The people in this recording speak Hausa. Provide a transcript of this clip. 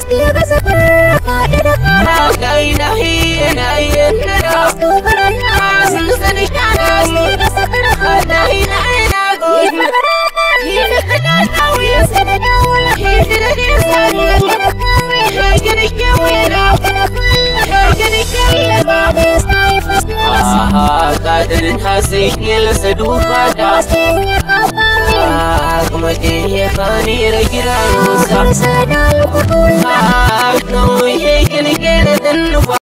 gaskiya ga safar kaɗe da kama na yi na yi na yi na da tsofarar na sun sani shana su da safar na yi na yi na gobe yi da kana na wuya sana na wula yi da ne sani ya kana kawai ya gina kyawai na kana kawai ya gina kyawai ba bai sai fasuwa ƙadarin hasin yalasa duba da kuma ɗin ya kani ragira Sana sana sana sana sana sana sana sana